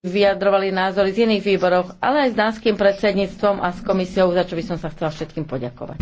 vyjadrovali názory z iných výborov, ale aj s dánskym predsedníctvom a s komisiou, za čo by som sa chcela všetkým poďakovať.